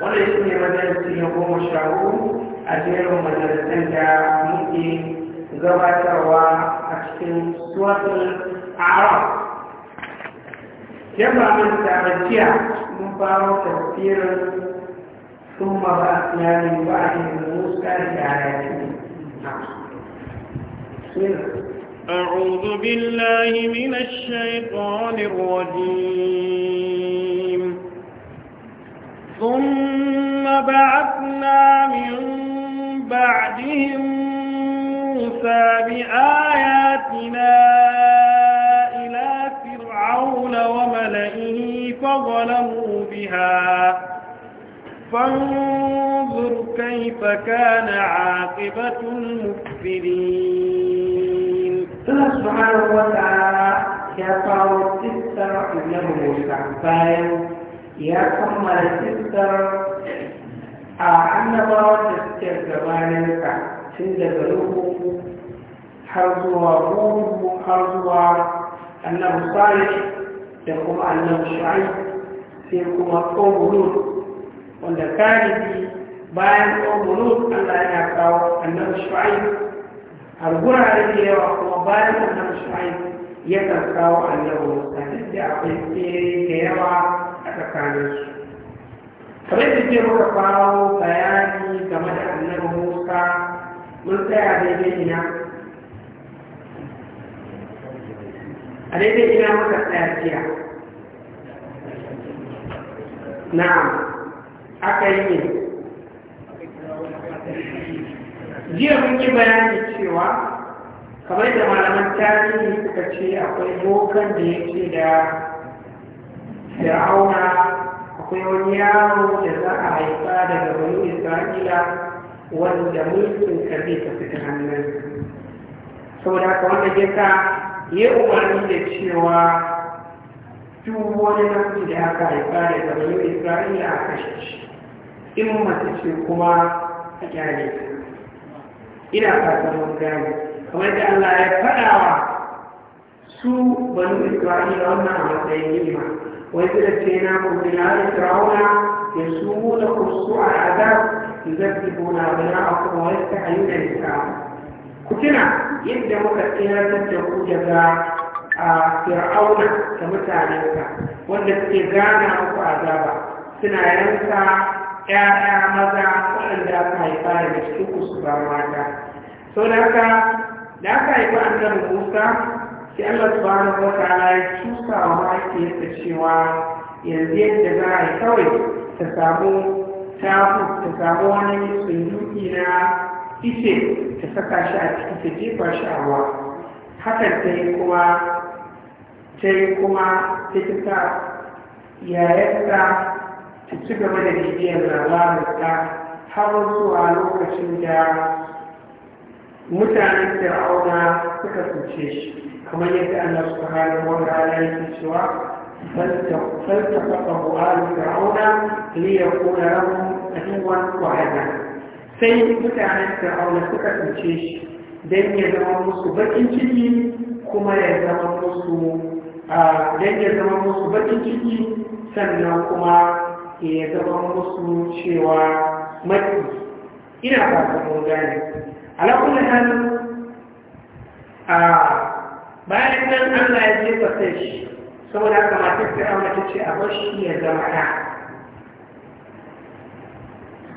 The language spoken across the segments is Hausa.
wanda shi ne majalisi na goma sha hudu a jerin majalisan da muke gabatarwa a cikin suwatsun arab yamma min tarajiya mun faro tafsirin ثم بأسنا من بعد موسى بآياته أعوذ بالله من الشيطان الرجيم ثم بعثنا من بعدهم موسى بآياتنا إلى فرعون وملئه فظلموا بها فانظر كيف كان عاقبة المفسدين سبحانه وتعالى يا قوم استمعوا له موسى ya kammala cikin a annabawa da cikin gabanin ka tun daga ruhu har zuwa ruhu har zuwa annabu salih da kuma annan shu'ai sai kuma ƙogulut wanda kariki bayan ƙogulut allah ya kawo annabu shu'ai har gurare da yawa kuma bayan annabu shu'ai yakan kawo annabu musa duk da akwai tsere da yawa a tsakaninsu kamar yadda ke muka faro bayani game da annabi musa mun tsaya daidai ina a daidai ina muka tsaya jiya Na aka yi ne jiya mun yi bayani cewa kamar da malaman tarihi suka ce akwai bokan da yake da fir'auna akwai wani yaro da za a haifa daga bani isra'ila wanda mulkin ka ta fita hannun saboda haka wanda ya sa ya umarni da cewa duk wani namiji da aka haifa daga bani isra'ila a kashe shi in mace ce kuma a gyare ta ina fatan mun gane kamar da Allah ya wa su bani Isra'ila wannan a matsayin yimma وإذ نجيناهم من آل فرعون يسومونكم سوء العذاب يذبحون أبناءكم ويستحيون نساءكم كتنا يبدأ مكتنا تتقوا جزاء فرعون كمتعلمك wanda suke gana muku azaba suna yanka ‘ya'ya maza waɗanda aka haifa daga cikin kusurwa mata sau da haka da haifa annabi musa sai Allah subhanahu wa ya cusa wa mahaifiyarsa cewa yanzu yadda za a yi kawai ta samu tafu ta samu wani sunduki na ice ta saka shi a ciki ta jefa shi a ruwa hakan ta yi kuma ta yi kuma ta ta sa yayarsa ta ci gaba da bibiyar ta har zuwa lokacin da mutanen fir'auna suka cuce shi كما يدعي الله سبحانه وتعالى يكسوا فالتقطه آل فرعون ليكون لهم عدوا وعدا sai mutanen fir'auna suka tsince shi don ya zama musu bakin ciki kuma ya zama musu don ya zama musu bakin ciki sannan kuma ya zama musu cewa mati ina ba ta mun gane alakulli halin a bayan nan Allah ya ce sai shi saboda haka matar fir'auna ta ce a bar shi ya zama ɗa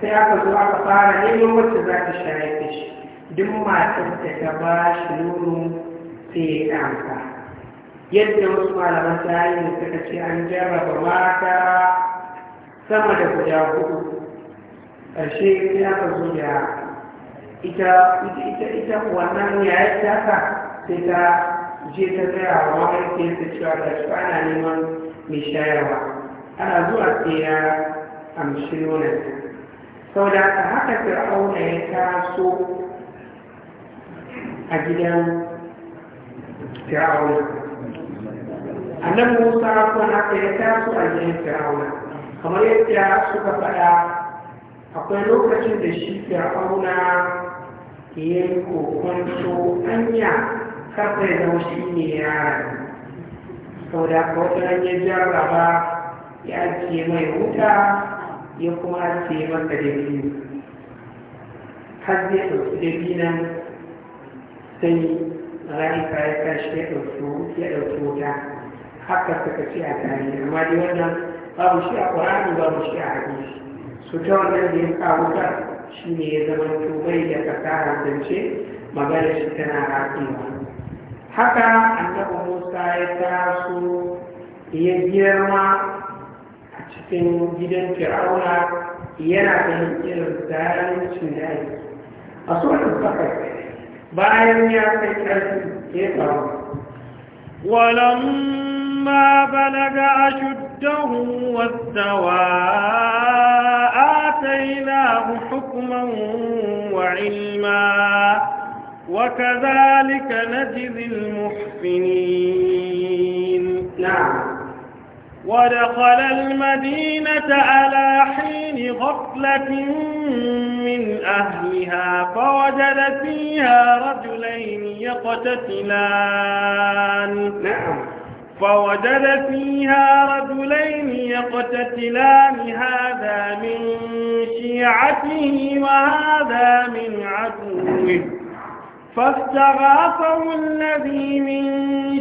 sai aka zo aka fara neman wacce za ta shayar da shi duk matar da ta ba shi nono sai ya ƙamsa yadda wasu malaman ne suka ce an jarraba mata sama da guda hudu ƙarshe sai aka zo da ita ita ita wannan yi ta sai ta je ta tsaya, tsayawa mahaifiyar ta cewa da shi ana neman mai shayarwa ana zuwa tsaya a nonanta sau da aka haka fir'auna ya taso a gidan fir'auna nan musa kuma haka ya taso a gidan fir'auna kamar yadda suka faɗa akwai lokacin da shi fir'auna ya yi kokonto anya karfe da wasu ne yaran sau da aka wata jarra ba, ya ce mai wuta ya kuma ce maka da biyu har zai ɗauki da biyu nan sai ra'ika ya kashi ya ɗauki ya ɗauki wuta haka suka ce a tarihi amma dai wannan babu shi a ƙwararru babu shi a hadisi su ta wannan da ya sa wuta shi ne ya zama tubai da a zance magana shi tana rafiwa haka annabi musa ya taso ya girma a cikin gidan fir'auna yana da irin zalincin da ake a da bakwai bayan ya kai ƙarfi ya faru ولما بلغ أشده واستوى آتيناه حكما وعلما وكذلك نجزي المحسنين نعم ودخل المدينة على حين غفلة من أهلها فوجد فيها رجلين يقتتلان نعم فوجد فيها رجلين يقتتلان هذا من شيعته وهذا من عدوه فاستغاثه الذي من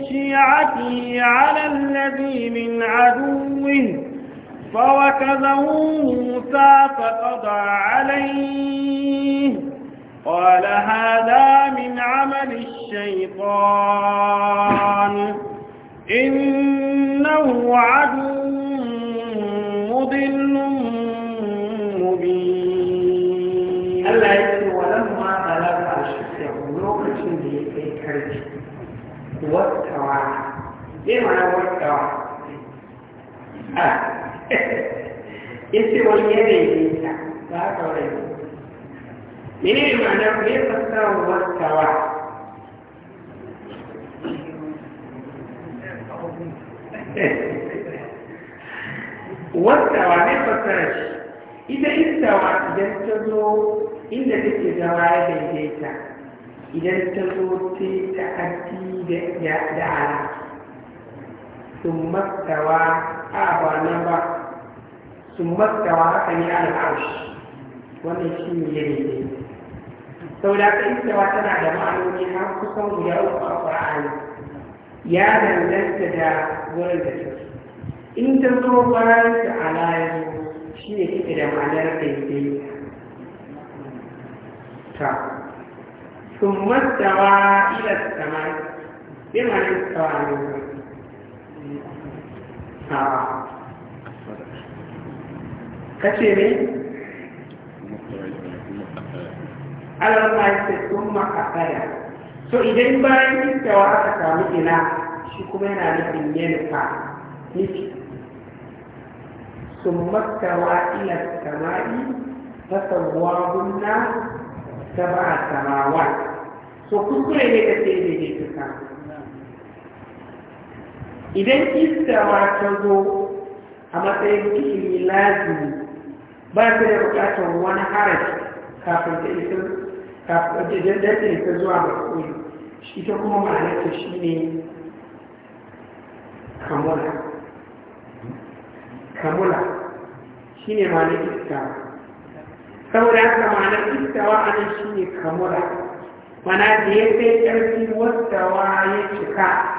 شيعته على الذي من عدوه فوكزه موسى فقضى عليه قال هذا من عمل الشيطان ايه معنى وقت واحد اه انت واليدين فهذا وليس من ايه معنى ليه فسره وقت واحد واستوى ما فسرش إذا استوى إذا تزو إن تلك زوايا ديتا إذا تزو تتأتي دعالك sun mastawa a abanan ba sun mastawa haka ne ala arshi wannan shi ne ya ne saboda ka istawa tana da ma'anoni har kusan guda uku a ƙur'ani ya danganta da wurin da ta in ta zo bayan ta ala shi da ta sun a kace ne alam ma yace thumma so idan bayan kintawa aka samu ina shi kuma yana nufin yanka nufi ثم استوى إلى السماء فسواهن سبع سماوات so kuskure ne ka ce ne ka idan iska ma ta zo a matsayin fi'ili lazimi ba ta da bukatar wani harafi kafin ta isa kafin da ta isa zuwa shi ta kuma ma'anarta shi ne kamula kamula shi ne ma'anar iska saboda haka ma'anar iskawa wa nan shi ne kamula mana da ya sai ƙarfi wa ya cika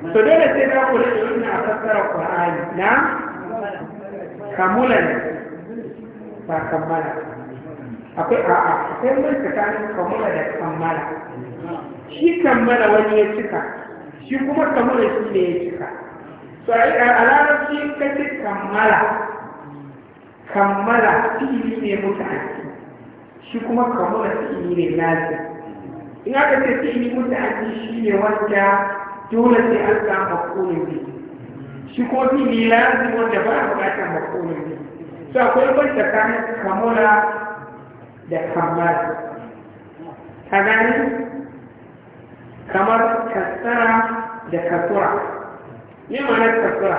to dole sai ka kula da wannan a fassara Qur'ani na kamulan ba kammala akwai a'a sai mun tsakanin kamula da kammala shi kammala wani ya cika shi kuma kamula shi ne ya cika To a larabci kace ce kammala kammala fi'ili ne mutane shi kuma kamula fi'ili ne lafiya in aka ce fi'ili mutane shi ne wanda dole sai an samu makonin bi shi ko fili lazim wanda ba a bukatar makonin bi Su akwai ban tsakanin kamula da kammala ta gani kamar kasara da kasura ne ma'anar kasura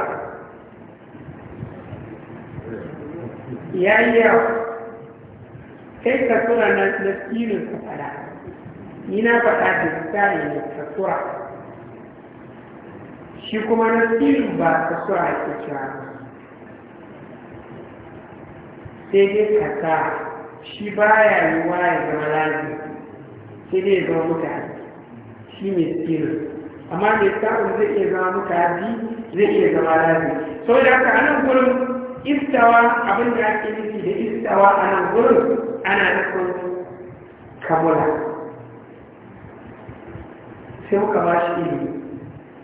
ya yi yawa kai kasura na tsinin kasara ni na faɗa da tsari ne kasura shi kuma na tsirin ba ka so a ita sai dai kasa shi ba ya yi wa ya zama sai dai ya zama mutane shi ne tsirin amma mai sa'un zai iya zama mutane zai iya zama lafi sau da haka anan gurin istawa abin da ake nufi da istawa a nan gurin ana nufin kamula sai muka ba shi ilimi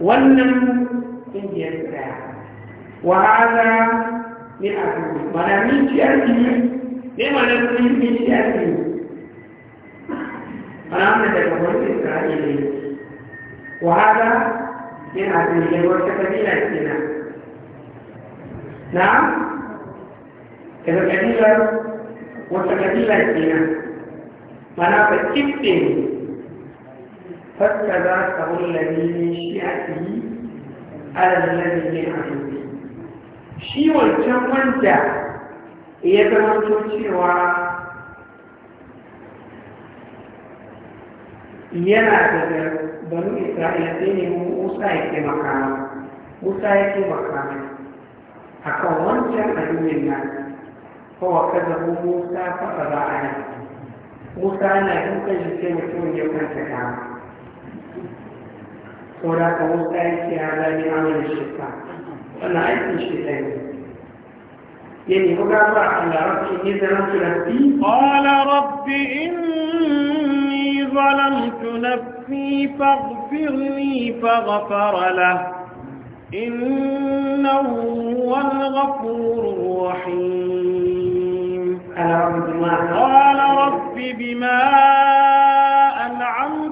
wannan ƙungiyar su ɗaya wa haza min abu mana min ciyar ne ne ma na kuma min ciyar ne mana wanda daga wani isra'ila ne wa haza min abu ne wata kabila kenan na daga kabilar wata kabila kenan mana ba kifte ne فاتبعته الذي من شيعته على الذي من عدوه shi wancan wanda ya zama cewa yana daga Baru isra'ila sai ne musa ya ke makama musa ya ke makama a kan wancan adumin nan kowa kaza musa faɗa ba a nan musa na dukkan shi sai mutum ya kwanta kama ولا كموت في على لعمل الشيطان وأنا أيتي الشيطان يعني هو قال على ربي إني ظلمت نفسي قال رب إني ظلمت نفسي فاغفر لي فغفر له إنه هو الغفور الرحيم قال رب بما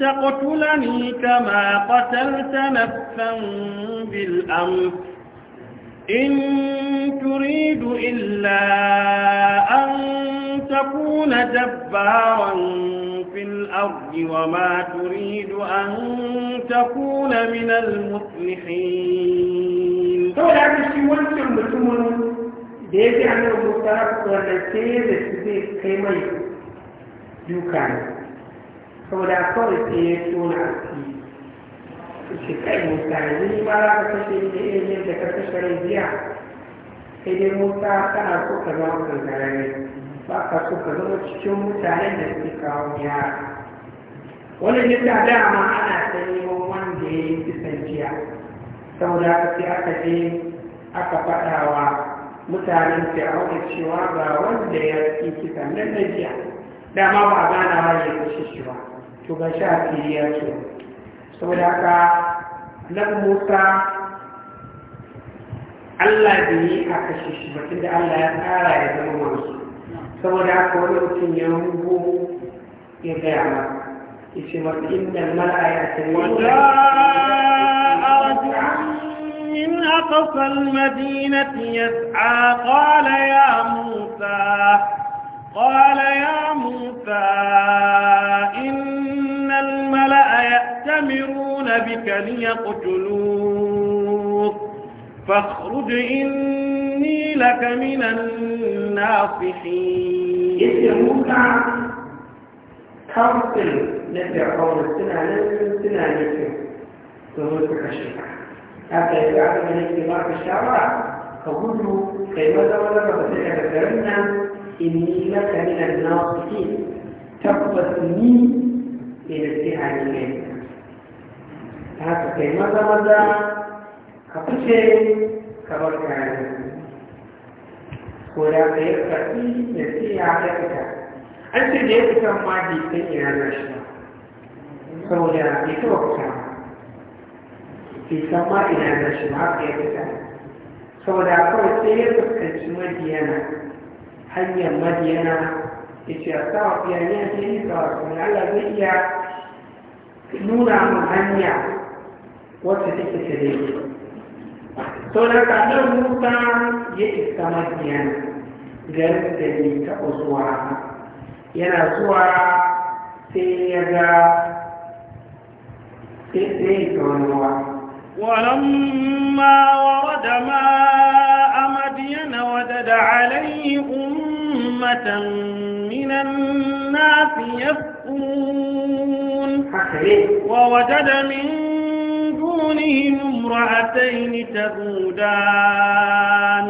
تقتلني كما قتلت نفسا بالأمس إن تريد إلا أن تكون جبارا في الأرض وما تريد أن تكون من المصلحين da yake an rubuta wadda ce da su zai kai mai duka ne saboda kawai sai ya tona asiri ce kai musa ni ba za ka kashe ni da irin yadda ka kashe rai biya sai dai musa kana so ka zama kankararre ba ka so ka zama cikin mutanen da suke kawo yara wannan yadda dama ana ta neman wanda ya yi kisan jiya saboda haka sai aka je aka faɗa wa mutanen fir'auna cewa ga wanda ya yi kisan nan na jiya dama ba gana ba ya kashe shi ba to ga shi a fili ya ce saboda haka nan musa allah da yi a kashe shi batun da allah ya tsara ya zama wansu saboda haka wani mutum ya rubu ya gaya ma ya ce masu inda mala'a ya tsaye من أقصى المدينة يسعى قال يا موسى قال يا موسى إن الملأ يأتمرون بك ليقتلوك فاخرج إني لك من الناصحين يا موسى كرسل نبع قول السنة للسنة لكم ثم تكشف هذا يبعد من اجتماع الشارع فقلت كيف تولى فتكتبنا inni laka min an-nasihin tabbas ni ne da sihani ne ta haka kai maza maza ka fice ka bar kayan ko da ka yi karfi da siya ya fita an ce da ya fita ma ina na shi saboda bai taɓa san ma ina shi ya fita saboda kawai sai ya fuskanci madiyana hanyar madiyana yace a sa wa fiyaye a cikin sa kuma Allah zai iya nuna mu hanya wacce take ta to da ka nan Musa ya isa madiyana garin da bai taɓa zuwa yana zuwa sai ya ga sai sai ga wani ولما ورد ماء مدين وجد عليه أم أمة من الناس يفقون ووجد من دونهم امرأتين تبودان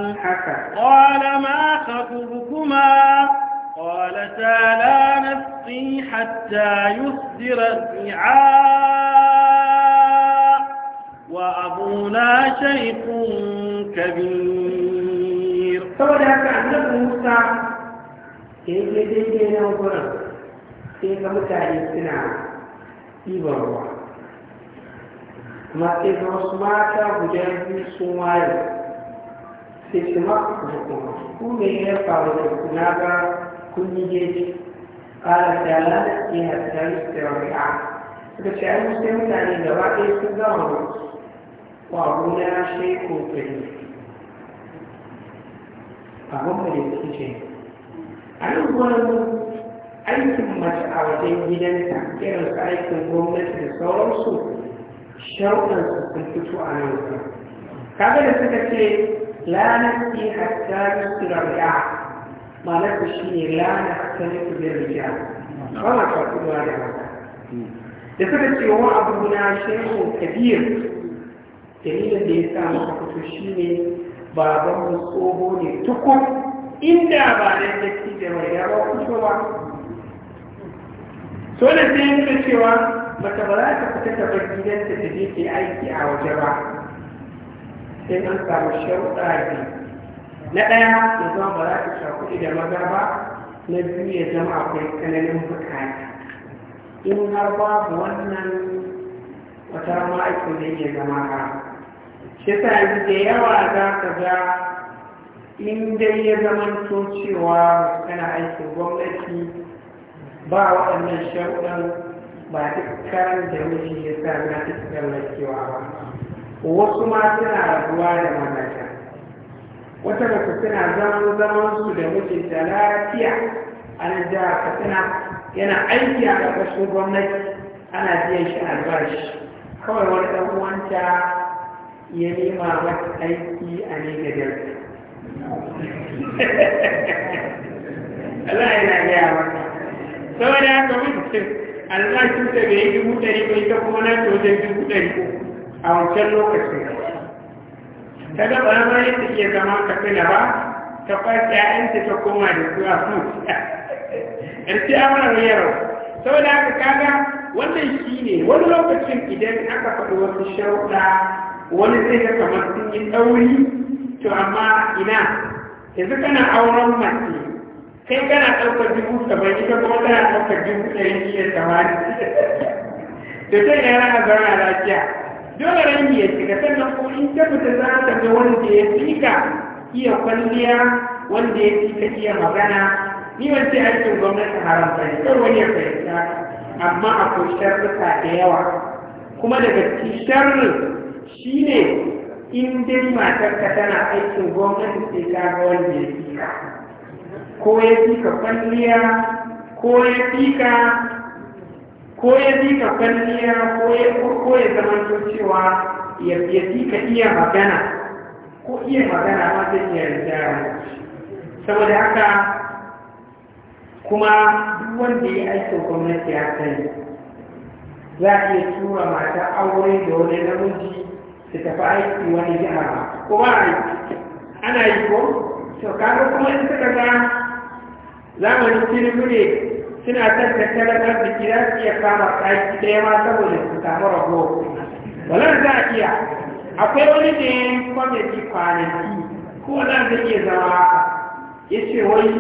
قال ما خطبكما قالتا لا نسقي حتى يصدر الرعاء وأبونا شيخ كبير da daidai na gurin sai ga mutane suna ɗiban kuma sai ga wasu mata guda biyu sun waye sai su ma kuma ku me ya faru da kuna ga kun yi ƙara tala da ke hatsari da ra'a suka ce ai sai mutane gaba ɗaya sun gama wa gona shi ko fili abin da ke ce a nan aikin mace a wajen gidanta irin su aikin gwamnati da sauransu sharuɗansu sun fito a nan gwanon kaga da suka ce lanar ki hatta mistura da malar shi ne lanar ta nufi da rija ba ma ta kuduwa da mata da suka ce wa abu na shehu kabir dalilin da ya samu maka fito shi ne baban tsoho ne tukun inda ba da yake da mai ya ba kuso ba so da sai yin cewa mata ba za ta fita ta bar gidanta ta je ke aiki a waje ba sai an samu sharuɗa biyu na ɗaya ya zama ba za ta shakuɗi da maza ba na biyu ya zama akwai tsananin bukata in har babu wannan wata ma'aikin da ya zama ha shi sa yanzu da yawa za ka ga in dai ya zama to cewa kana aikin gwamnati ba waɗannan sharuɗan ba dukkan da miji ya sa na tsallakewa ba wasu ma suna rabuwa da mazaja wata mace suna zaman zaman su da mijinta lafiya a nan jihar katsina yana aiki a ƙarƙashin gwamnati ana biyan shi albashi kawai wani ɗan uwanta ya nema mata aiki a ne da Allah yana gaya maka saboda haka wancan albashin da bai yi dubu ɗari bai ta kuma na wajen dubu ɗari a wancan lokacin ta ga ba ma yadda iya zama ka na ba ta kwasa ‘ya'yanta ta koma da su a fuska ‘yarci amurwa yarau saboda haka kaga wannan shi ne wani lokacin idan aka faɗi wasu sharuɗa wani zai ga kamar sun yi ɗauri to amma ina yanzu kana auren mace kai kana ɗaukar dubu saba'in ita kuma tana ɗauka dubu ɗari biyar tamanin da ta ina rana zauna lafiya dole rangi ya shiga sannan ko in ta fita za ta ga wanda ya fi iya kwalliya wanda ya fi iya magana ni ban ce aikin gwamnati haram ba ne wani ya fahimta amma akwai sharruka da yawa kuma daga cikin sharrin shine in dai ka tana aikin gwamnati sai ka ga wanda ya fi ka ko ya fi ka kwalliya ko ya fi ka ko ya fi ka kwalliya ko ya zama cewa ya fi ka iya magana ko iya magana ma zai iya rinjaya saboda haka kuma duk wanda ya aikin gwamnati ya sani za a iya tura mata aure da wani namiji su tafi aiki wani jihar ba ko ba ana yi ko to kaga kuma ga zamanin tinubu suna son tattalin arziki za su iya kama aiki ɗaya ma saboda su samu rago za a iya akwai wani ne kwamiti kwanaki ko nan zama ya ce wai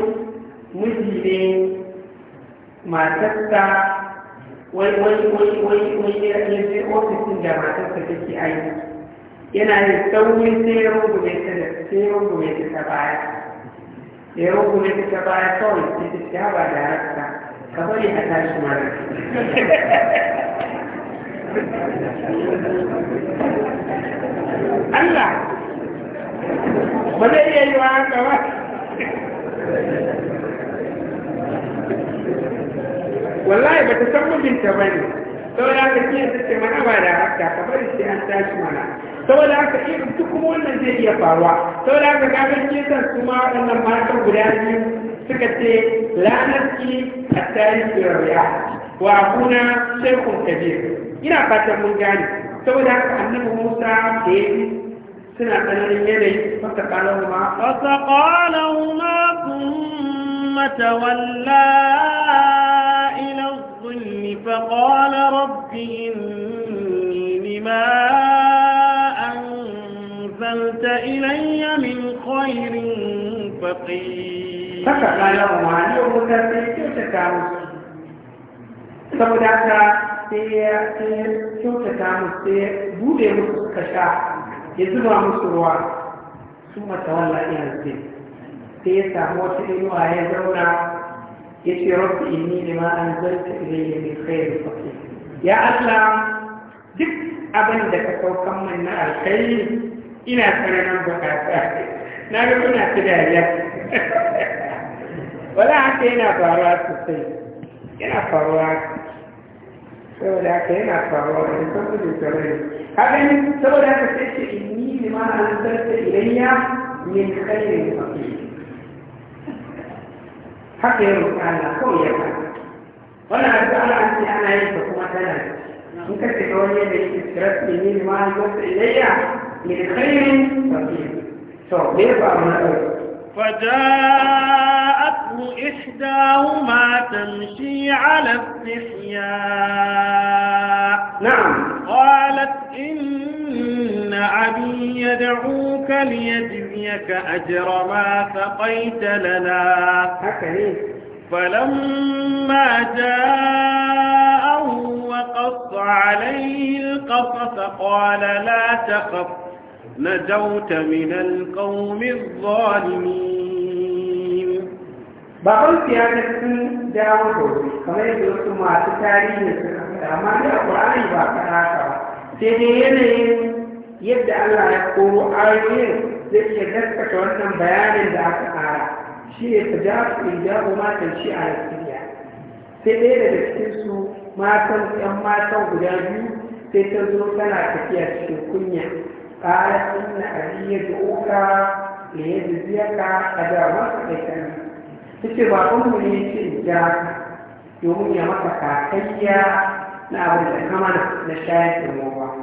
miji ne matarsa wai wai wai wai wai ya ce ofisin da matarsa take aiki yana yin sauri sai ya rungume ta da sai ya rungume ta ta baya da ya rungume ta ta baya kawai sai ta ta ba da harka ka bari a tashi mara Allah ba zai iya yi wa haka ba wallahi ba ta san mijinta ba ne saboda haka kiyar ta ce mana ba da haka ka bari sai an tashi mara. saboda haka irin duk kuma wannan zai iya faruwa saboda haka gaban kesan kuma wannan matan guda biyu suka ce lanarki a tarihi rariya wa kuna shekun kabir ina fatan mun gane saboda haka annabi musa da ya سنة ثمانية فتقالهما فتقالهما ثم تولى إلى الظل فقال رب إني لما أنزلت إلي من خير فقير haka kayan wani wutar sai kyautata musu saboda haka sai ya kyautata musu sai ya bude musu suka sha ya zuba musu ruwa sun mata wallah yanzu sai ya samu wata inuwa ya zauna ya ce rabbi inni an anzalta ilayya min khairin faqir ya Allah duk abin da ka saukan min na alkhairi ina tsananan bukata na ga kuna ci dariya wala haka yana faruwa sosai yana faruwa saboda haka yana faruwa da kan kudin sarari haka ne saboda haka sai ce inni lima an sarta ilayya min khairin faqir haka ya roƙa Allah kawai ya ba wannan addu'a an ce ana yin ta kuma tana in ka ce ga wani yadda yake stress ne ni lima an sarta ilayya فجاءته إحداهما تمشي على استحياء نعم قالت إن أبي يدعوك ليجزيك أجر ما سقيت لنا فلما جاءه وقص عليه القصص قال لا تخف نجوت من القوم الظالمين بابن سيادة سن داو دوري كما tarihi ما تتاريه amma da Qur'ani ba kana ba sai dai yanayin yadda Allah ya koro ayoyin zai iya gaskata wannan bayanin da aka kara shi ne tajabu ijabu matan shi a Syria sai ɗaya daga cikin su matan yan matan guda biyu sai ta zo tana tafiya cikin kunya قال إن أبي يدعوك ليجزيك أجر مسكتا تجي بقوم ليش جاك يوم يا مسكا هيا نعبد كما نشاهد الموضوع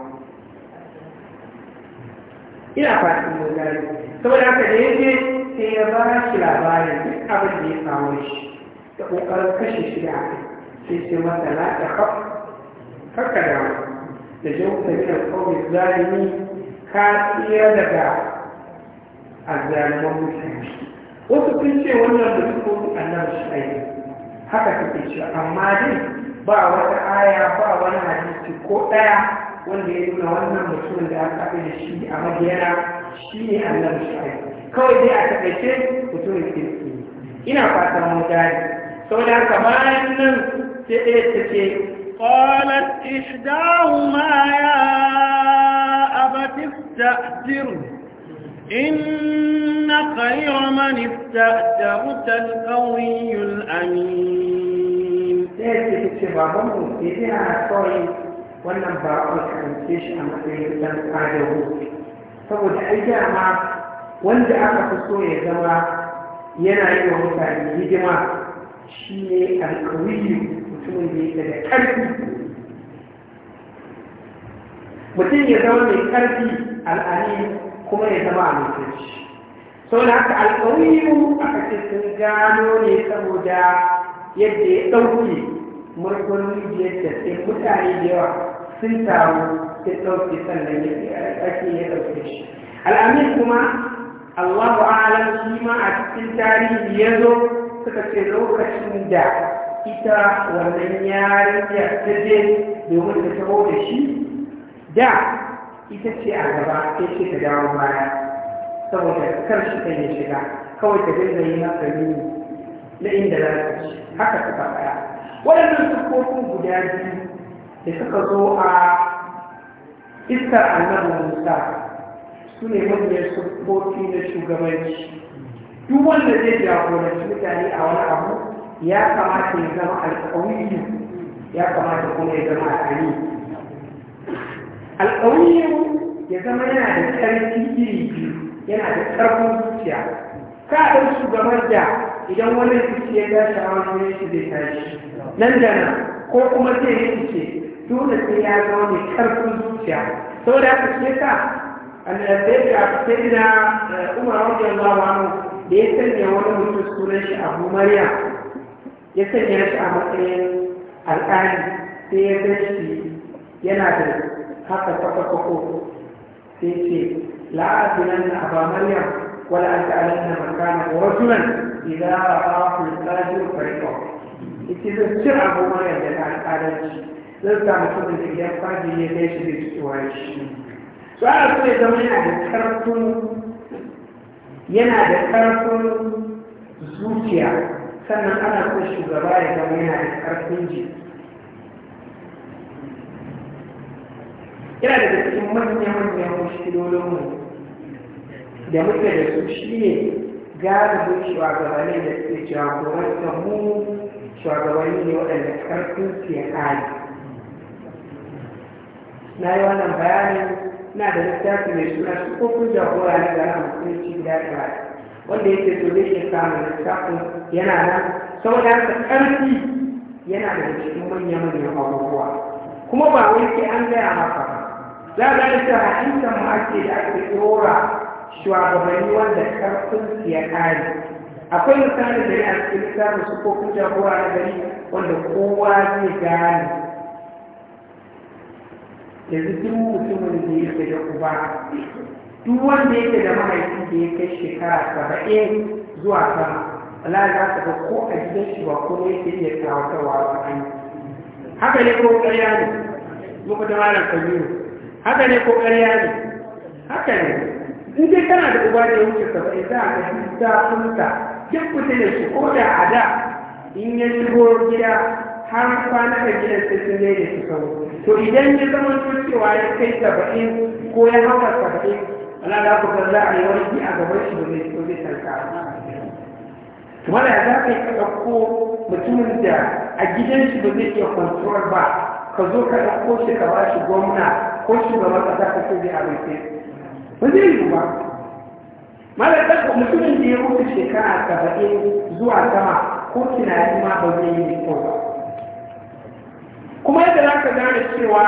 ina fatan mun gani saboda haka da yake sai ya ba shi labarin duk abin da ya samu shi da kokarin kashe shi da aka sai sai masa la ta kaf karka da da jawta min al-qawmi zalimi kafiya daga azalman mutane wasu sun ce wannan da suka wuce shi shu'aibu haka ke ce amma dai ba wata aya ba wani hadisi ko ɗaya wanda ya nuna wannan mutumin da aka haɗu da shi a madiyana shi ne shi shu'aibu kawai dai a taƙaice mutumin kirki ina fatan mun gane saboda haka bayan nan sai ɗaya ta ce ishdahu ma ya? الصحابة استأثره إن خير من استأثرت القوي الأمين wannan ba a karance shi a matsayin dan adabu saboda ai dama wanda aka fi so ya zama yana yi wa mutane hidima shi ne alkawiyu mutumin da yake da ƙarfi mutum ya zama mai ƙarfi al'ani kuma ya zama amintacci sau da haka alƙawiyu aka ce sun gano ne saboda yadda ya ɗauke murkon rijiyar da mutane da yawa sun taru sai ɗauke sannan ya ake ya ɗauke shi al'amin kuma allahu alam shi ma a cikin tarihi ya zo suka ce lokacin da ita wannan yarinya ta je domin ta taho da shi da ita ce a gaba sai ce ta dawo baya saboda kar shi kai ya shiga kawai ta dinga yi na tsari na inda za ta ci haka suka faɗa waɗannan sufofin guda biyu da suka zo a iskar annabi musa su ne manyan sufofi na shugabanci duk wanda zai jagoranci mutane a wani abu ya kamata ya zama alƙawiyu ya kamata kuma ya zama alƙawiyu alƙawiyu ya zama yana da ƙarfi iri biyu yana da ƙarfin zuciya ka ɗan shugaban da idan wani zuciya ya tashi a wani shi zai tashi nan da nan ko kuma zai yi fice dole sai ya zama mai ƙarfin zuciya saboda haka shi yasa annabi a sai da eh, Umar radiyallahu anhu da ya sanya wani mutum sunan shi Abu Maryam ya sanya shi a matsayin alƙali sai ya gashi yana da haka kwako-kwako sai ce la'azinan na aba maryam wala an ta'alan na makana wa rajulan idan ba ku tsaji farko ita zai cin abu maryam da al'adarci zai sa mutum da ya fadi ya gaishe da cewa shi su a su ne zama yana da karfin yana da karfin zuciya sannan ana so shugaba ya zama yana da karfin jiki yana da cikin manya-manyan mu da muke da su shi ne galibin shugabanni da suke jagoranta mu shugabanni ne waɗanda karfin ke ya na yi wannan bayanin na da littafi mai suna su kofin jagora na gara mutunci guda ɗaya wanda yake so zai iya samun littafin yana nan saboda haka karfi yana da cikin manya-manyan abubuwa kuma ba wai ke an gaya maka ba za ga da cewa hadisan ma ake da ake dora shugabanni wanda karfin su ya kare akwai misali da ya cikin samun su ko kun jagora na gari wanda kowa zai gane yanzu duk mutumin da ya ke da uba duk wanda yake da mahaifi da ya kai shekara saba'in zuwa sama wala za ta ga ko a gidan shi ba ne yake iya kawo wasu a haka ne ko ƙarya ne muka da malam kabiru haka ne ko ƙarya ne haka ne in dai kana da uba da wuce saba'in za a yi zafinsa duk fitilar su ko da a da in ya shigo gida har kwana da gidan sai sun da su sau to idan ya zama cewa ya kai saba'in ko ya haura saba'in ana da ku za a yi wani a gaban shi domin zai tanka kuma da za ka yi ka ɗauko mutumin da a gidan shi ba zai iya ba ka zo ka ɗauko shi ka ba shi gwamna ko shugaban ƙasa ta ce zai abinci. ba zai yi ba malaka mutumin da ya wuce shekara saba'in zuwa sama ko tunani ma ba zai yi ko ba kuma yadda za ka gane cewa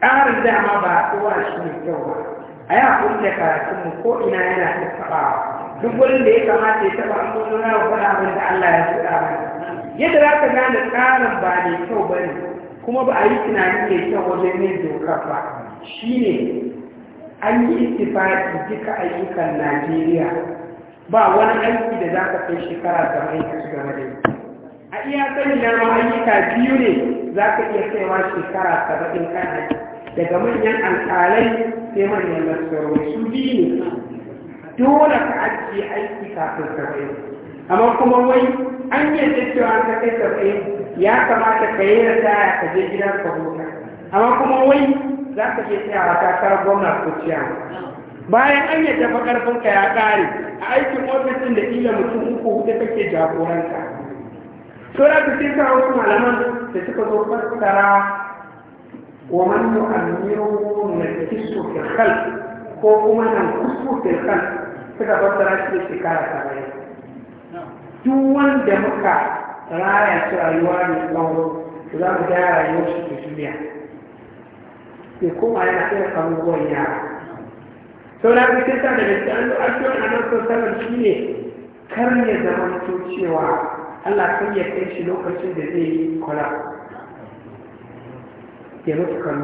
tsarin dama ba a tsuwa shi ne kyau ba a yi haƙuri da karatunmu ko ina yana tattaɓawa duk wurin da ya kamata ya taɓa an zo na wa faɗa abin da Allah ya faɗa mana yadda za ka gane tsarin ba ne kyau ba ne kuma ba a yi tunani mai kyau wajen yin doka ba shi ne an yi istifaki duka ayyukan najeriya ba wani aiki da za ka kai shekara da mai ka shiga madai a iya sani na ayyuka biyu ne za ka iya kaiwa shekara saba'in kan daga manyan alƙalai sai manyan nasarori su biyu ne dole ka ajiye aiki kafin saba'in amma kuma wai an ce da cewa ka kai kai ya kamata ka yi ta ka je gidan ka huta amma kuma wai za ka je tsayawa takarar gwamna ko ciya bayan an yadda fa ka ya kare a aikin ofisin da ila mutum uku hudu kake jagoranta sura ta sai sa wasu malaman da suka zo fassara wa man yu'ammiru kisu fil khalq ko kuma nan kusu fil khalq suka fassara shi da ta bayan duk wanda muka raya su rayuwa mai tsawo to za mu gyara rayuwar su ke duniya ya koma yana tsira kamar yara sau da aka kirta da gaske an addu'a a nan sun sanar shi ne kar ya zama cewa Allah kan ya kai shi lokacin da zai yi kwala ya mutu kan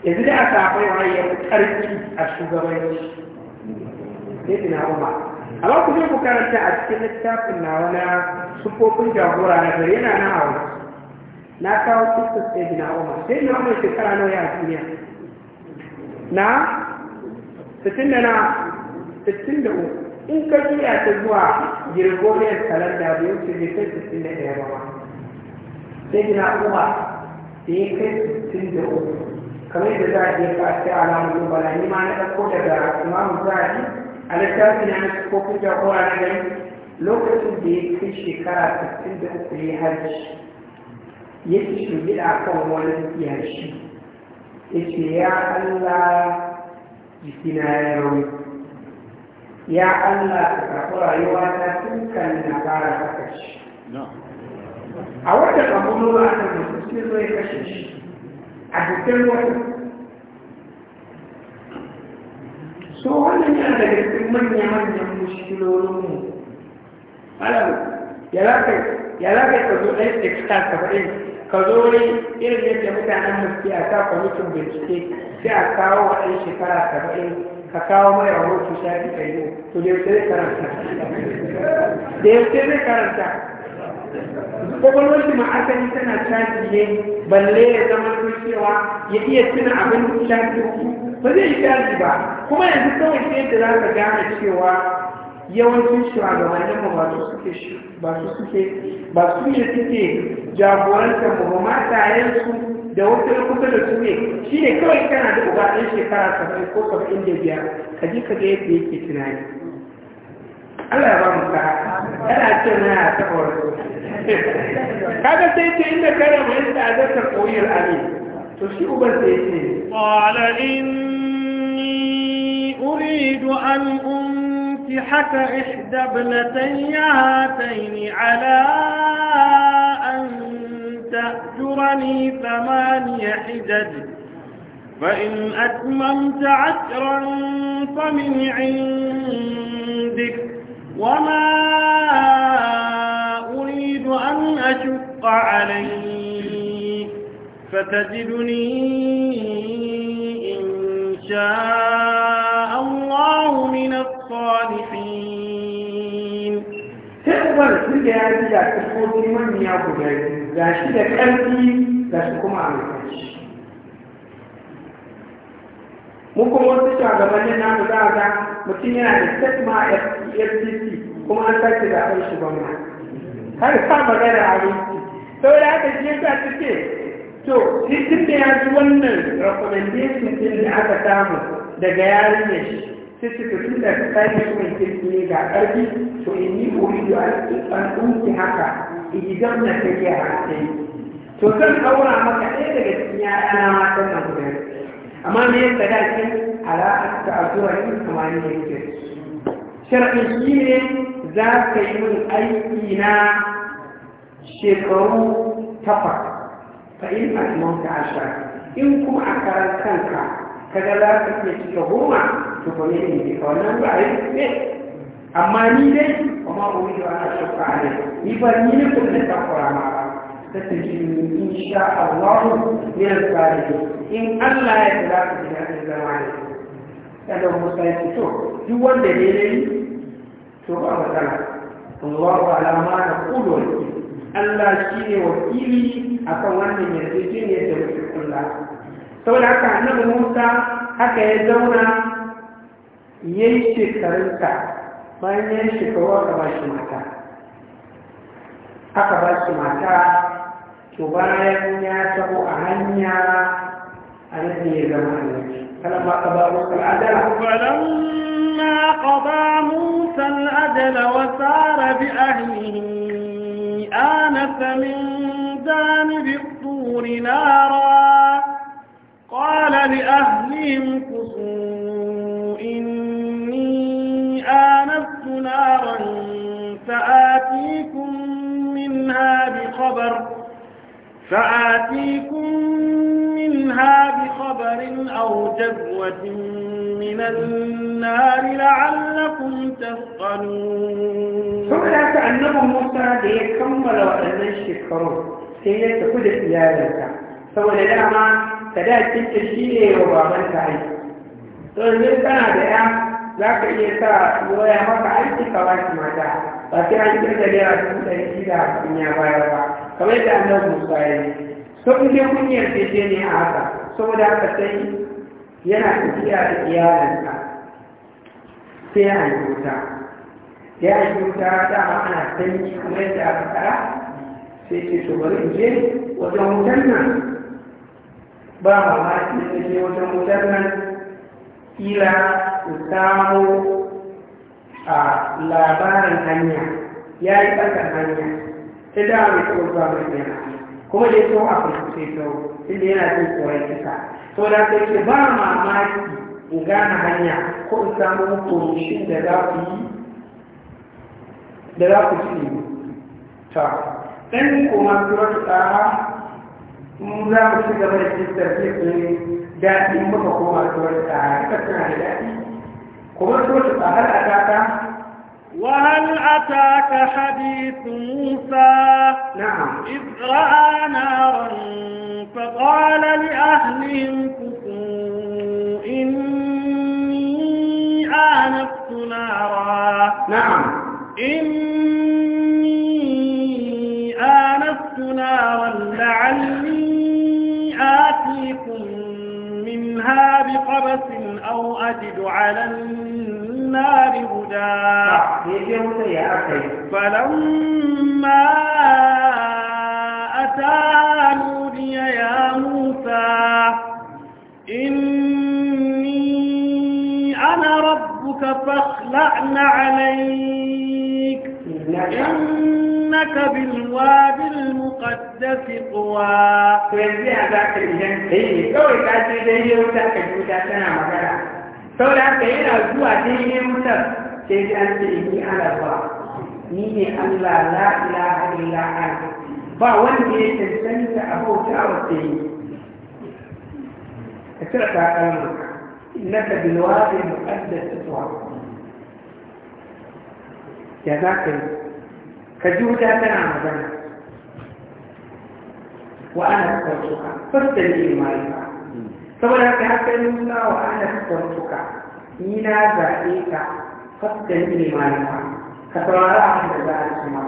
Ya yanzu da aka haifai wani ya a shugabanci ne na umar amma ku zai ku karanta a cikin littafin na wani sufofin jagora na gari yana na hawa na kawo sufofin sai na umar sai na umar shekara nawa ya duniya na da na 63 in ka jiya ta zuwa girgoriyar kalanda da yau ce ne kai 61 ba sai na umar da ya kai 63 kamar da za a je ka ce alamun dubala ni ma na ɗauko daga imamu zahiri a littafin na ko kuka ko a gari lokacin da ya kai shekara 63 ya hajji ya ci shugida a kan wani yashi ya ce ya allah jikina ya rauni ya allah ka karɓi rayuwa ta tun kan na fara saka shi a wata ɓangaren a kan musulmi zai kashe shi a jikin wata so wannan yana daga cikin manya-manyan mu ala ya za kai ka zo ɗaya extra ka faɗi ka zo ne irin yadda mutanen muske a sa kwamitin bincike sai a kawo wa ɗan shekara saba'in ka kawo mai rahoto shafi ɗari to da yaushe zai karanta da yaushe zai karanta kwakwalwashi ma'asali tana caji ne balle ya zama cewa ya iya tuna abin shafi uku ba zai yi caji ba kuma yanzu kawai sai da za ka gane cewa yawancin shugabannin mu ba su suke ba su suke ba su ne suke jagorantar mu ma tayen su da wata lokuta da su ne shi ne kawai kana da uba ɗan shekara saba'in ko saba'in da biyar ka ji ka ga yadda yake tunani Allah ya ba mu sa'a yana ce na ya taɓa wasu kaga sai ce inda kare mai ta'azarta koyar ami to shi uban sai ce qala inni أريد أن أنكحك إحدى ابنتي هاتين على أن تأجرني ثماني حجج فإن أتممت عشرا فمن عندك وما أريد أن أشق عليك فتجدني إن شاء الصالحين تقبل كل هذه تقول من يأخذ لا شيء قلبي لا شكم عليك muku wasu shugabannin namu za a ga mutum yana da stigma FTC kuma an sake zaɓar shi gwamna har sa magana a yanki sau da aka shi yasa to tun da ya ji wannan recommendation din da aka samu daga yarinya. shi sai suka tunda tsari su mai kirki ga ƙarfi to in yi uridu an ɗunki haka idan na take hasse to zan ɗaura maka ɗaya daga cikin ya'yana matan nan guda amma me yadda da ke ala'ar da azuwa ne kamar yadda ke sharaɗin shi ne za ka yi min aiki na shekaru takwas fa in a ka ashara in kuma a karan kanka kaga za ka iya cika goma tukwane ne ne wannan ba a yi amma ni dai kuma wuri da ana shafa a ne ni ba ni ne kuma na takwara ma ba ta tafi in sha Allah ya tsari in Allah ya tsara ku da ya zama ne kada mu sai ku to duk wanda ne ne to ba matsala Allah wa alama na kudu Allah shi ne wakili akan wannan yarjejeniya da mutum kula saboda haka annabi Musa haka ya zauna ya yi shekarunka bayan ya shekaru aka ba shi mata aka ba shi mata to bayan ya taho a hanya a nan ya zama annabi فلما قضى موسى الأجل فلما قضى موسى الأجل وسار بأهله آنس من جانب الطور نارا قال لأهلهم خبر فآتيكم منها بخبر أو جذوة من النار لعلكم تفقنون ثم لا تعنب موسى ديكم ولو أنني شكروا سيئة تقول يا لك ثم لدعما تدعي تلك الشيء وبابا سعيد ثم لدعنا بأي ذاك إيسا يوايا مطعي تقوات مجا لكن عندما تدعي تلك الشيء وبابا سعيد kamar da annabi Musa ya yi in dai kun yarda ne a haka saboda haka sai yana tafiya da iyalanta. sai ya haifi wuta ya haifi wuta ma ana sanyi kamar yadda aka kara sai ce to bari in je wajen wutan nan ba ce ne je wajen wutan nan kila su samu a labarin hanya ya yi ɓarkar hanya sai da mai taɓa zuwa mai yana kuma da ya tsawo a kurkuce tsawo inda yana jin tsoron kisa to da ka ce ba mamaki in gane hanya ko in samu muku da za ku yi da za ku ci ne ta ɗan koma ta tsara in za mu ci gaba da kistar zai ne daɗi muka koma surar tsara kasar da daɗi kuma surar tsara a tata وهل أتاك حديث موسى نعم إذ رأى نارا فقال لأهلهم كفوا إني آنفت نارا نعم إني آنفت نارا لعلي آتيكم منها بقبس أو أجد على النار النار هدى فلما أتى نودي يا موسى إني أنا ربك فاخلعن عليك إنك بالواد المقدس طوى saboda haka yana zuwa daidai mutum sai an ce ni ana zuwa ni ne Allah la ilaha illa an ba wanda ya cancanta a bauta wa yi ka cire ta kalmar da yi wadi ta tuwa ya za ka yi ka ji wuta tana magana wa ana kautuka fasta ne mai ba saboda haka haka yi nuna wa ana kwantuka ni na zaɓe ka fasta ni ne malama ka saurara a da za a ci ma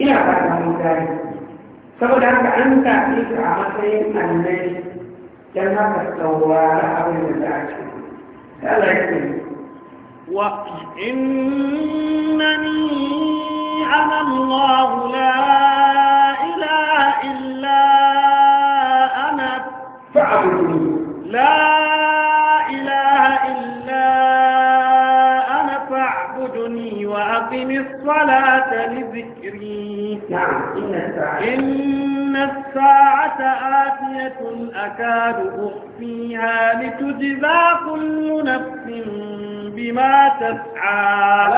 ina fata mun gani saboda haka an zaɓe ka a matsayin annabi don haka saurara abin da za a ci ta Allah ya ce وإنني أنا الله لا فاعبدوني لا إله إلا أنا فاعبدني وأقم الصلاة لذكري نعم إن الساعة إن الساعة آتية أكاد أخفيها لتجزى كل نفس بما تسعى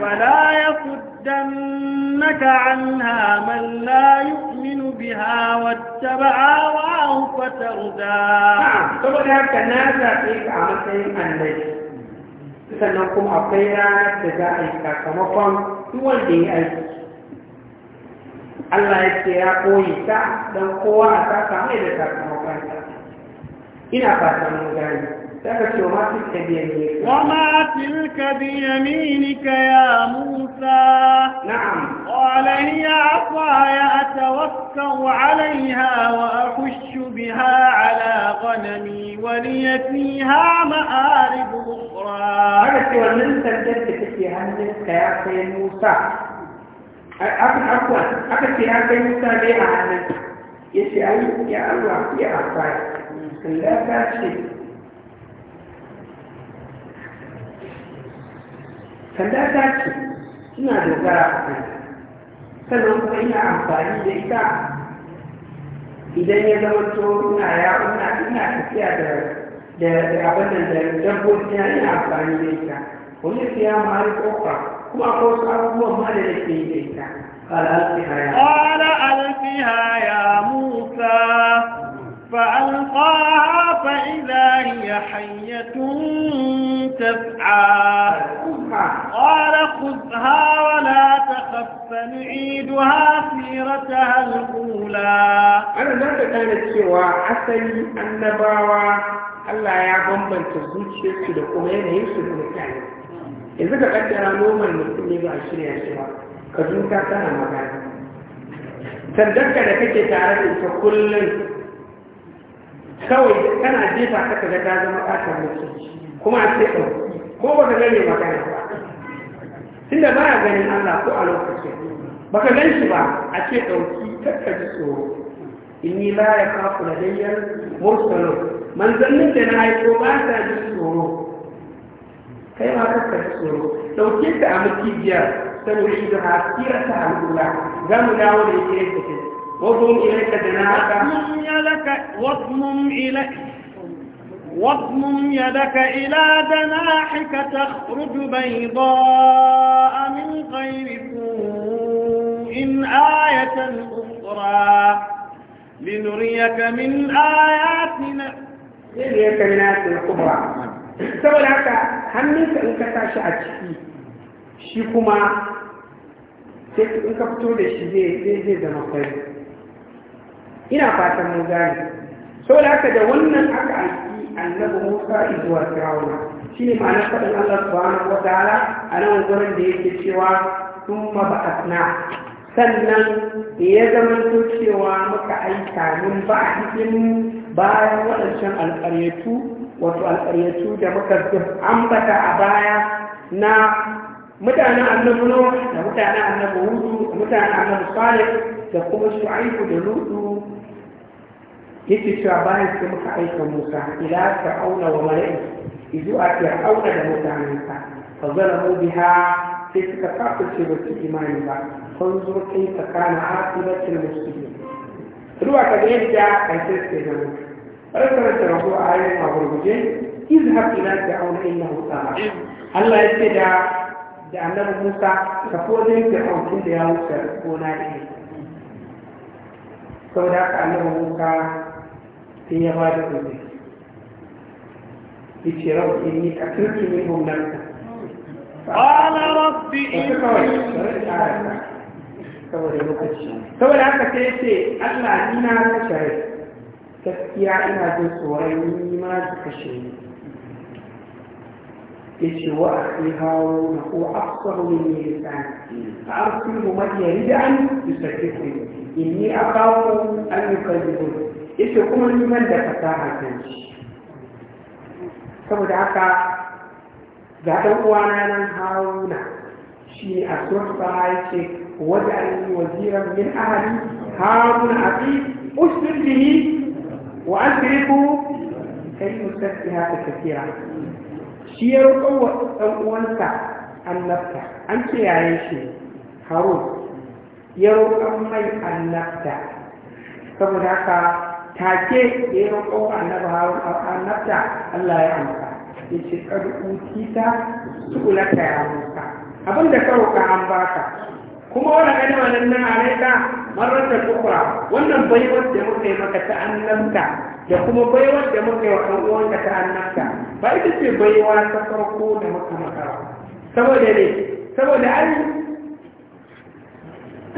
ولا يصدنك عنها من لا يؤمن بها واتبع هواه فتردى نعم سنقوم أقيرا تجاه إيكا كما قام Allah ya ce ya koyi ta don kowa a ta samu da ta kuma kanta. Ina fatan mun وما تلك بيمينك يا موسى نعم قال هي عصاي أتوكأ عليها وأخش بها على غنمي ولي فيها مآرب أخرى هذا هو من سجدت في عندك يا أخي موسى أكن أكن أكن في هذا موسى ليه عنك يسأل يا الله يا عصاي لا تشرك kanda ta ce suna dogara a kai sannan kuma ina amfani da ita idan ya zama to ina ya ina ina tafiya da da da abin da dabbobi na ina amfani da ita wani su ya har kofa kuma akwai wasu abubuwan ma da yake yi da ita قال ألقها قال ألقها يا موسى فألقاها فإذا هي حية تسعى قال خذها ولا تخف فنعيدها سيرتها الأولى أنا لم أتعلم سوى أسلي النباوة ألا يا بمبا تزوج شيء هي يوسف الثاني إذا كنت أنا نوما نقول لي عشرين يا شباب كزوج كاتنا مكان تذكر لك تعرف أنت كل سوي انا عجيب حتى كذا كذا ما أكثر من كما أتذكر ko ba ka gane magana ba tunda ba ya ganin Allah ko a lokacin ba ka gan shi ba a ce ɗauki kakkaji tsoro yi ba ya kafu da dayyar mursalin manzannin da na haiko ba ta ji tsoro kai ma kakkaji tsoro ɗauke ta a makijiyar saboda shi da hasira ta al'ula za mu dawo da yake yake ke wasu mun ilaika da na haka wasu mun ilaika واضم يدك إلى جناحك تخرج بيضاء من غير سوء آية أخرى لنريك من آياتنا لنريك من آياتنا الكبرى سوى لك هنيك إنك تاشي أجهي شيكما إنك بتولي شيء زي زي زي ina fatan mu gane saboda haka da wannan aka annabi Musa zuwa Fir'auna shi ne ma'ana faɗin Allah subhanahu wa ta'ala a nan gurin da yake cewa tumma ba'atna sannan ya zama cewa muka aika mun cikin bayan waɗancan alƙaryatu wato alƙaryatu da muka ambata a baya na mutanen annabi Nuh da mutanen annabi Hud da mutanen annabi Salih da kuma Shu'aibu da Lutu yake cewa bayan sai muka aika musa ila fir'auna wa mala'i zuwa fir'auna da mutanensa fa zalamu biha sai suka ce ba su imani ba zo kai tsakanin asibatin musulmi ruwa ka da yadda kai sai zama rasar da rahu a yayin a gurguje izhab ila fir'auna innahu tsara Allah ya ce da da annabi Musa ka fodin fir'auna da ya wuce gona ne saboda haka annabi Musa sai ya bada uzuri yace rabbi inni akramtu minhum nafsa qala rabbi inni saboda lokaci saboda haka sai ya ce allah ina kashe rai gaskiya ina jin tsoron yi ma su kashe ni ya ce wa a fi hawo na ko afsaru min yi lisani a arsilu mafiya rida'an su sarki ku in ni a kawo an yi kalli yake kuma liman da fasaha kan shi saboda haka ga ɗan uwana nan haruna shi a surfa yake wajen jiran min ahali haruna a fi usmin bihi wa an firiku kai musassi haka tafiya shi ya roƙon wa ɗan uwansa annabta an ce yayin shi haro. ya roƙon mai annabta saboda haka take da ya roƙo annabta Allah ya amsa ya ce su kula ta ya amsa abin da ka roƙa an ka. kuma wani wani nan na alaika marar da kukura wannan baiwar da muka yi maka ta annabta da kuma baiwar da muka yi wa ɗan uwanka ta annabta ba ita ce baiwa ta farko da muka maka saboda ne saboda an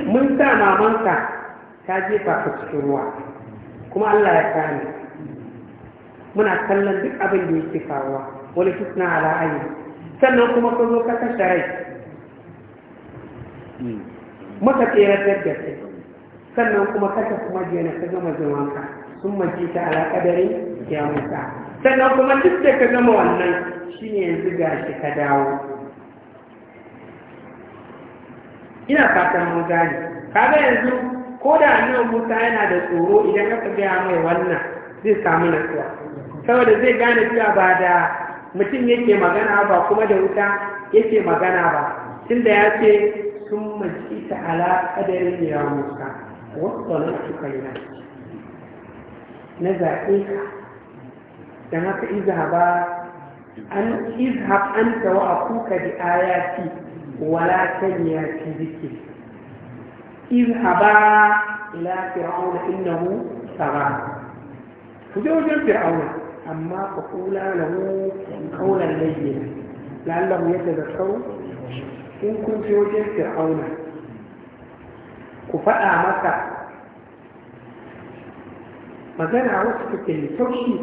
mun sa mamanka ta jefa ka cikin ruwa kuma Allah ya kame muna kallon duk abin da yake faruwa wani fitna ala ayi sannan kuma ka zo ka kashe rai maka tsere da kai sannan kuma ka tafi majiyana ka gama zuwanka sun maji ta ala kadari ya mutu sannan kuma duk da ka gama wannan shine yanzu gashi ka dawo ina fatan mun gane kaga yanzu ko da annabi Musa yana da tsoro idan aka gaya mai wannan zai samu natsuwa saboda zai gane cewa ba da mutum yake magana ba kuma da wuta yake magana ba da ya ce sun maji ta ala kadarin ya Musa wasu na suka yi na zaɓe ka don haka izhaba an izhab anta wa akuka bi ayati wala fi zikri izhaba ila fir'auna innahu tagha ku je wajen fir'auna amma fa kula lahu qawlan layyina la'allahu yatazakkaru in kun je wajen fir'auna ku faɗa maka magana wasu suke mai taushi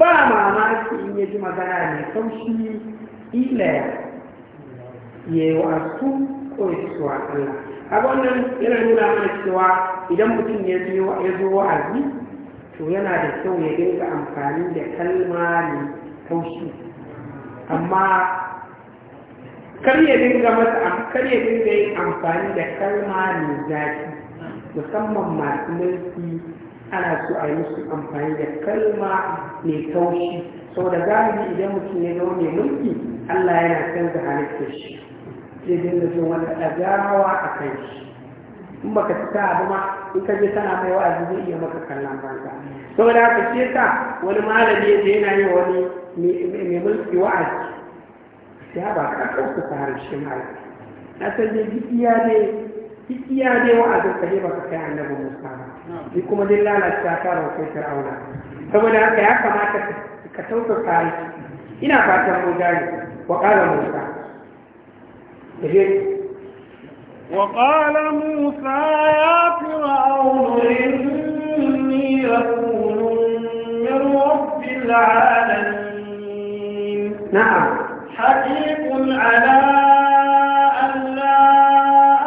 ba mamaki in ya ji magana mai taushi ila ya yi wa ko ya su a Allah kaga wannan yana nuna mana cewa idan mutum ya zo wa'azi to yana da kyau ya dinga amfani da kalma mai taushi amma kar ya dinga masa kar ya dinga yin amfani da kalma mai zafi musamman masu mulki ana so a yi musu amfani da kalma mai taushi sau da galibi idan mutum ya zama mai mulki allah yana canza halittar shi zai dinga jin wani ɗagawa a kai shi in baka ci ta abu ma in ka je mai wa'azi zai iya maka kallon banka saboda haka ce sa wani malami da yana yi wani mai mulki wa'azi ya ba ka kauka ta harshe malami na san dai duk iya dai duk iya dai wa'azin ka dai baka kai annabi musa ba ni kuma dai lalata ta ba kai fir'auna saboda haka ya kamata ka tausasa ina fatan mu gane wa ƙara musa إيه؟ وقال موسى يا فرعون إني رسول من رب العالمين نعم حقيق على أن لا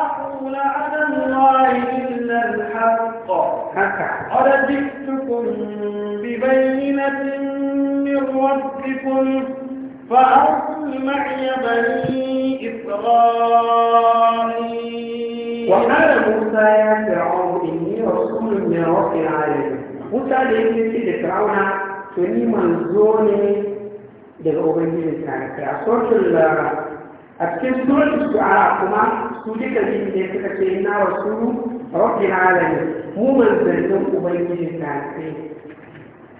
أقول على الله إلا الحق قد جئتكم ببينة من ربكم فأرسل معي بني وقال موسى يا فرعون إني رسول من رب العالمين موسى ليس سيد فرعون تني منزوني للأوبنجين كان في عصوات أتكلم سورة الشعراء كما سورة كذلك يسكت سيدنا رسول رب العالمين مو منزلهم أوبنجين كان في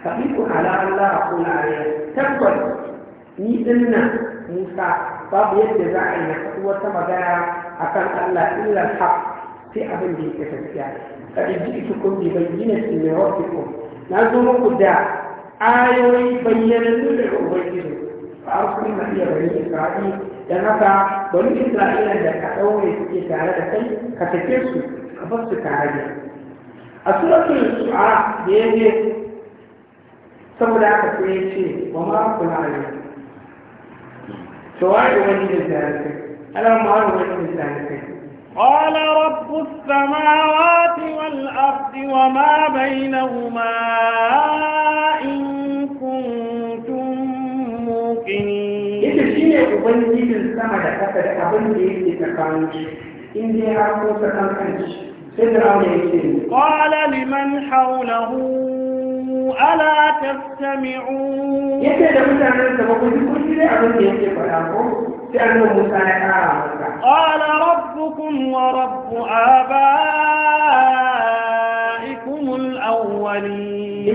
حقيقة على الله أقول عليه تفضل ni موسى babu yadda za a yi na faɗi wata magana kan Allah illa haq sai abin da yake kun kad ji'tukum su bayyinatin wasu rabbikum na zo muku da ayoyi bayyanannu daga ubangiji fa arsalna iya bani isra'il don haka bani isra'ila da ka daure suke tare da kai ka tafe su ka bar su tare a suratul su'a da yake saboda haka sai ya ce wa ma kula سواء وجه لسانك ألا ما وجه لسانك قال رب السماوات والأرض وما بينهما إن كنتم موقنين إذا شيء لتقانش إن دي تقانش قال لمن حوله ألا تستمعوا قال ربكم ورب آبائكم الأولين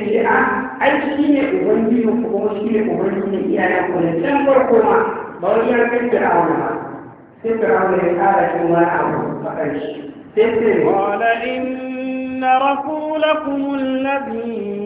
قال إن رسولكم الذي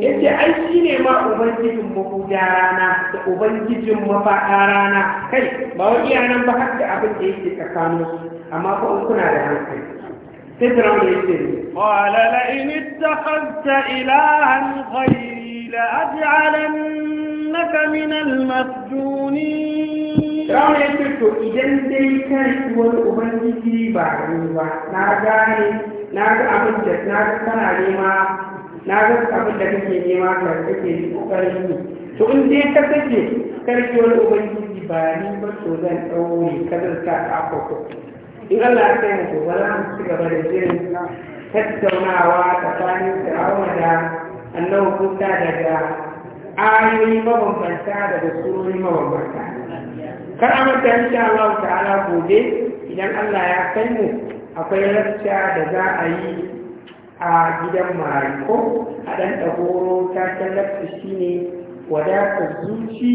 yace ai shi ne ma ubangijin mahuda rana da ubangijin mafaɗa rana kai ba wani iya nan ba har da abin da yake tsakanin su amma ba in kuna da hankali sai firawun da ce ne qala la in ittakhadta ilahan ghayri la aj'alannaka min al-masjunin ya ce to idan dai kai wani ubangiji ba ni ba na gane na ga abin da na ga kana nema na ga abin da kake nema ka kake kokarin yi to in dai ka kake karfi wani ubangiji ba ni ba to zan ɗaure ka zan sa in Allah ya kai mu ba za mu ci gaba da jirin tattaunawa tsakanin fir'auna da annabi kusa daga ayoyi mabambanta daga surori mabambanta kar a manta insha Allah ta'ala gobe idan Allah ya kai mu akwai rafta da za a yi a gidan mariko a ɗan ɗagoro ta tallafi shi ne wadatar zuci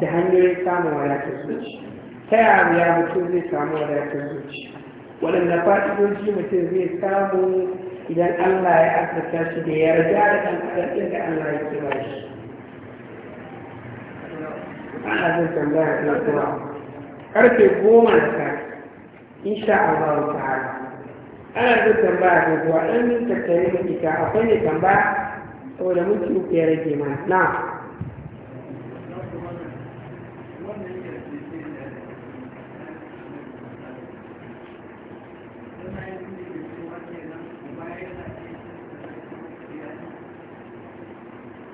da hanyoyin samun wadatar zuci ta yaya mutum zai samu wadatar zuci waɗanda fa'idoji mutum zai samu idan allah ya asirta shi da yarda da ɗan ƙarfin da allah ya kira shi ana zai tambaya na kuma karfe goma na sa'a insha allah ta'ala ana zai tambaya ko kuwa ɗan min tattare da ita akwai ne tambaya saboda minti uku ya rage mana na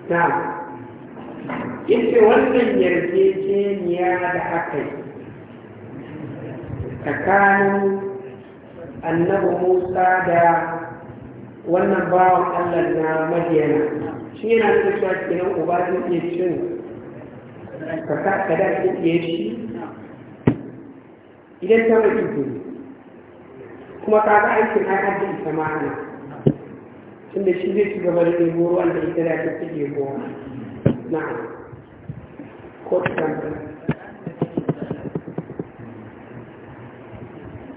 na yace wannan yarjejeniya da aka yi tsakanin annabi musa da wannan bawan allah na madiyana shi yana da cewa kenan uba zai iya cin kaka kada zai iya shi idan ta mutu ne kuma ka ga aikin an ji ita ma'ana tunda shi zai ci gaba da ɗebo ruwan da ita da ta fi ɗebo na ko ta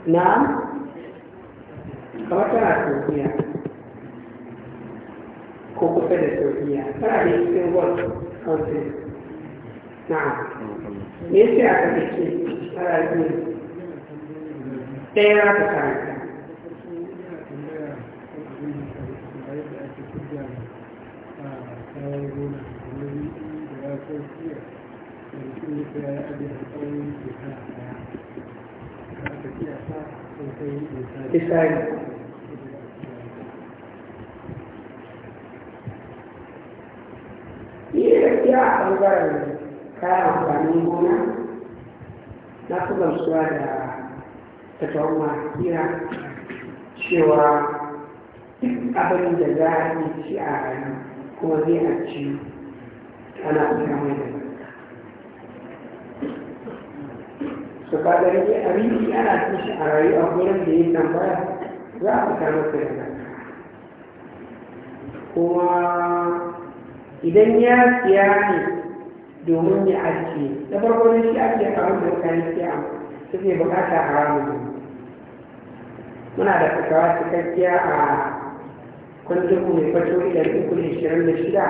Na. Kawata sosiya ko kusa da sosiya tana da cikin ward council na'am me yake não, kake a rayuwa ɗaya za ta karanta Decide. ɓangaren kayan amfanin gona na fi gamsuwa da tattaun makira cewa duk abin da za a yi ci a rayu kuma zai a ci ana kusa mai da su kaga rage ana cin shi a rayu a gurin da ya tambaya za a fita masa da kuma idan ya siya ne domin ya ajiye na farko ne shi ake abin da kayan siya suke bukata haramun ne muna da fitawa cikakkiya a kundin mai fato idan uku shirin da shida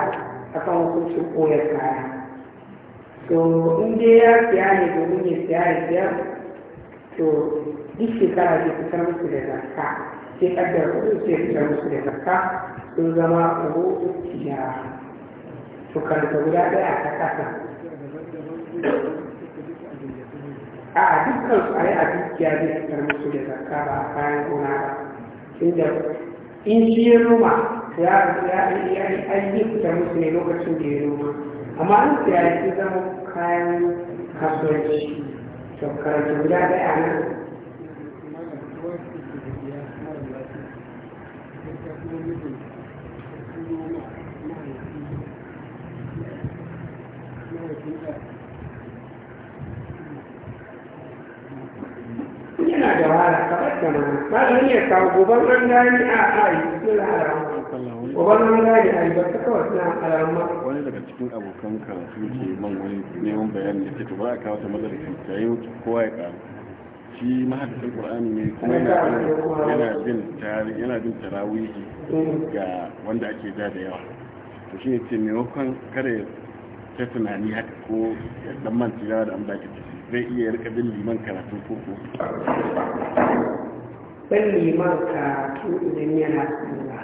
a kan hukuncin koyar kaya to in dai ya siya ne domin ya siya ya siya to duk shekara ke fitar musu da zarka sai kaddar kudu sai fitar musu da zarka sun zama rubutu tijara su karanta guda ɗaya ta ƙasa a dukkan su a yi a dukiya zai fitar musu da zakka ba a kayan gona ba inda in shi ya noma ya ya an yi fitar musu ne lokacin da ya noma amma an siya ya fi zama kayan kasuwanci to karanta guda ɗaya nan Thank you. ka bada mana malam ya kawo an gani a ai bismillah alhamdulillah goban an gani ai ba ta kawai suna alamma wani daga cikin abokan karatu ke man wani neman bayani ya ce to ba a kawo ta madarikin ta yi kowa ya kawo shi mahaifin qur'ani ne kuma yana bin yana bin tarawihi ga wanda ake ja da yawa to shi ne ce maimakon kare ta tunani haka ko ya dan manta da an ciki. zai iya rika bin liman karatu ko ko bin liman karatu idan ya haɗu ba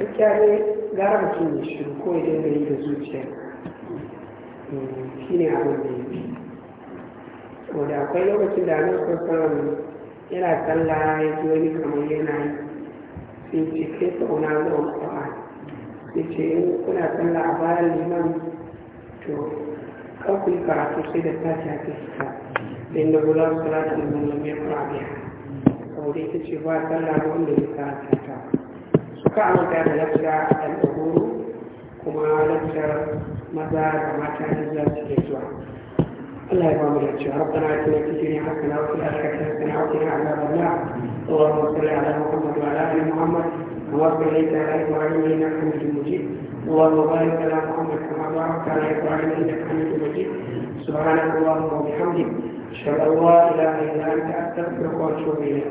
duk ya ne gara mutum ya shi ko idan da yi da zuciya hmm, shi ne abin da ya fi da akwai lokacin da nan kun yana sallah ya ji wani kamar yana yi sai ce kai sa'una zuwa kwa'a sai ce kuna sallah a bayan liman to kar ku yi karatu sai da fatiha ta fita da inda gula salatu da mallam ya fara biya saboda ita ce ba sallah wanda ya karanta ta suka amanta da lafiya a ɗan ɗagoro kuma lafiyar maza da mata da za su ke zuwa Allah ya bamu da cewa rabbana atina fid dunya hasana wa fil akhirati hasana wa qina adhaban nar اللهم على محمد كما باركت على ابراهيم سبحانك اللهم وبحمدك اشهد ان لا اله الا انت استغفرك واتوب اليك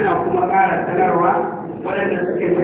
ana kuma ƙara sanarwa waɗanda suke